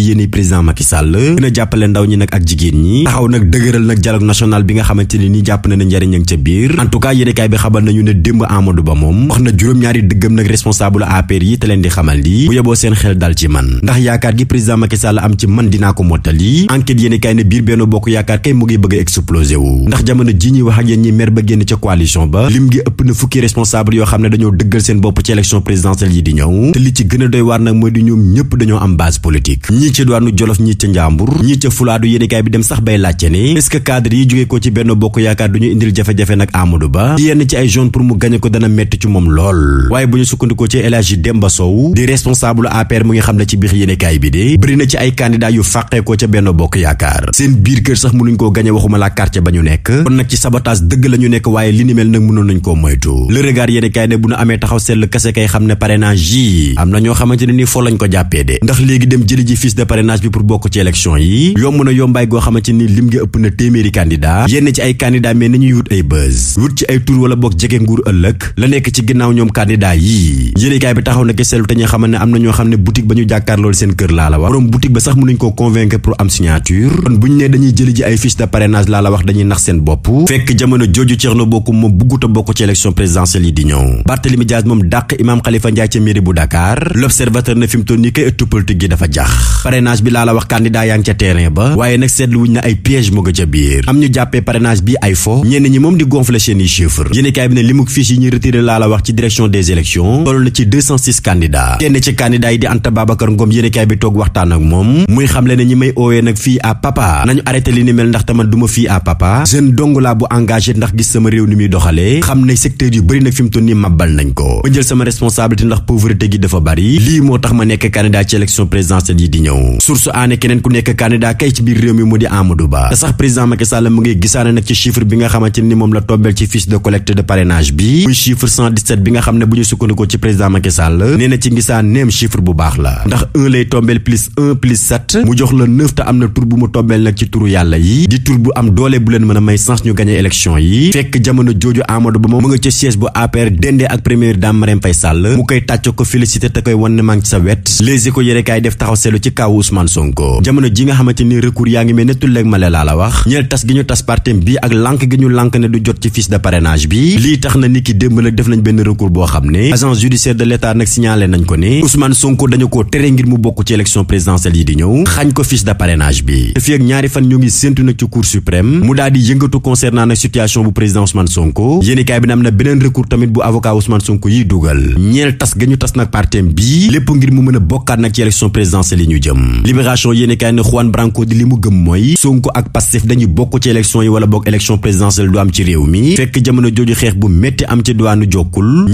yéene président Macky Sall gën a jàppale ndaw ñi nag ak jigéen ñi taxaw nag dëgëral nag dialogue national bi nga xamante ne nii jàpp na ne njariñ ca biir en tout bi xamal nañu ne démb Amadou Ba moom wax na juróom-ñaari dëggam nag responsable APR yi te leen di xamal li bu yeboo seen xel dal ci man ndax yaakaar gi président Macky am ci man dinaa ko mottali enquête yéenekaay ne biir Benno Bokk Yaakaar kay mu ngi bëgg a explosé ñi ci diwaanu Jolof ñi ca Njàmbur ñi ca Fulaadu yéenekaay bi dem sax bay laajte ne est-ce que cadre yi jógee ko ci benn bokk yaakaar du ñu indil jafe-jafe nag Amadou Ba yenn ci ay zone pour mu gañe ko dana metti ci moom lool waaye bu ñu sukkandikoo ci El Hadji Demba Sow di responsable APR mu ngi xam ne ci biir yéenekaay bi de bëri na ci ay candidat yu fàqee ca benn bokk yaakaar seen biir kër sax mënuñ koo gañe waxuma laa quartier ba ñu nekk kon nag ci sabotage la ñu processus bokk ci élection yi yomb na yombaay goo xamante ni lim nga ëpp na téeméeri candidat yenn ci ay candidat mais nañuy wut ay buzz wut ci ay tur wala bokk jege nguur ëllëg la nekk ci ginnaaw ñoom candidat yi yéenekaay bi taxaw na ke seetlu te ñu xamal ne am na ñoo xam ne boutique ba ñu jàkkaarlool seen kër laa la wax borom boutique ba sax mënuñ koo convaincre pour am signature kon ne dañuy jëli ji ay fiche de parrainage laa la wax dañuy nax seen bopp parrainage bi laa la wax candidat yaa ngi ca terrain ba waaye nag seetluwuñ na ay piège mu ca biir am ñu jàppee parrainage bi ay fo ñenn ñi moom di gonfler seen i chiffres bi ne li mu fiche yi ñuy retiré laa la wax ci direction des élections toll na ci 206 kenn ci candidat yi di Anta Babacar Ngom yéenekaay bi toog waxtaan ak moom muy xamle ne ñi may oowee nag fii à nañu arrêté ni mel ndax tamit du fii à papa jeune bu ñëw source aané keneen ku nekk candidat kay ci biir réew mi mu di Amadou Ba te sax président Macky Sall mu ngi gisaane nag ci chiffre bi nga xamante ni moom la tombeel ci fiche de collecte de parrainage bi muy chiffre bi nga xam ne bu ñu sukkandikoo ci président Macky Sall nee ci ngisaan neem chiffre bu baax la ndax 1 lay tombeel plus 1 plus 7 mu jox la 9 am na tur bu mu tombeel nag ci turu yàlla yi di tur bu am doole bu leen mën a may chance ñu gagné élection yi fekk jamono jooju kaw Ousmane Sonko jamono ji nga xamante ni recours yaa ngi mel ne tulleeg laa la wax ñeel tas gi ñu tas partem bi ak lànk gi ñu lànk ne du jot ci fiche de parrainage bi lii tax na ni ki démb nag def nañ benn recours boo xam ne agence judiciaire de l'état nag signalé nañ ko ne Ousmane Sonko dañu ko tere ngir mu bokk ci élection présidentielle yi di ñëw xañ ko fiche de parrainage bi te yëngatu concernant nag situation bu président Ousmane Sonko jëm libération yéeni kaay na Juan Branco di li mu gëm mooy Sonko ak Pastef dañuy bokk ci élection yi wala bokk élection présidentielle du am ci réew mi fekk jamono jooju xeex bu métti am ci duwaanu jokkul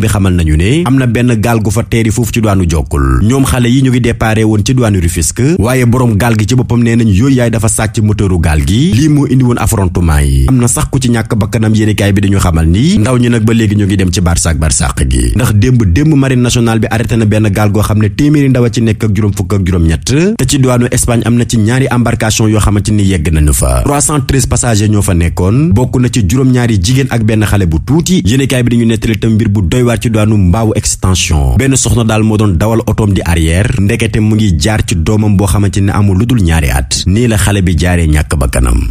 bi xamal nañu ne am na benn gaal gu fa teeri foofu ci duwaanu jokkul ñoom xale yi ñu ngi déparé woon ci duwaanu Rufisque waaye boroom gaal gi ci boppam nee nañ yooyu yaay dafa sàcc moteuru gaal gi lii moo indi woon affrontement yi am na sax ku ci ñàkk bakkanam yéeni kaay bi dañu xamal ni ndaw ñi nag ba léegi ñu ngi dem ci barsak barsak gi ndax démb démb marine nationale bi arrêté benn gaal goo xam ndaw a ci nekk ak juróom fukk ak te ci diwaanu Espagne am na ci ñaari embarcation yoo xamante ni yegg nañu fa 313 passagers ñoo fa nekkoon bokk na ci juróom-ñaari jigéen ak benn xale bu tuuti yéenekaay bi dañu nettali tam mbir bu doy waar ci diwaanu Mbaawu extension benn soxna daal moo doon dawal otoom di arrière ndekete mu ngi jaar ci doomam boo xamante ni amul lu dul ñaari at nii la xale bi jaaree ñàkk ba kanam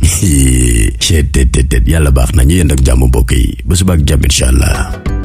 tet tet yàlla baax na ñu yéen ak jàmm mbokk yi ba suba ak jàmm incha allah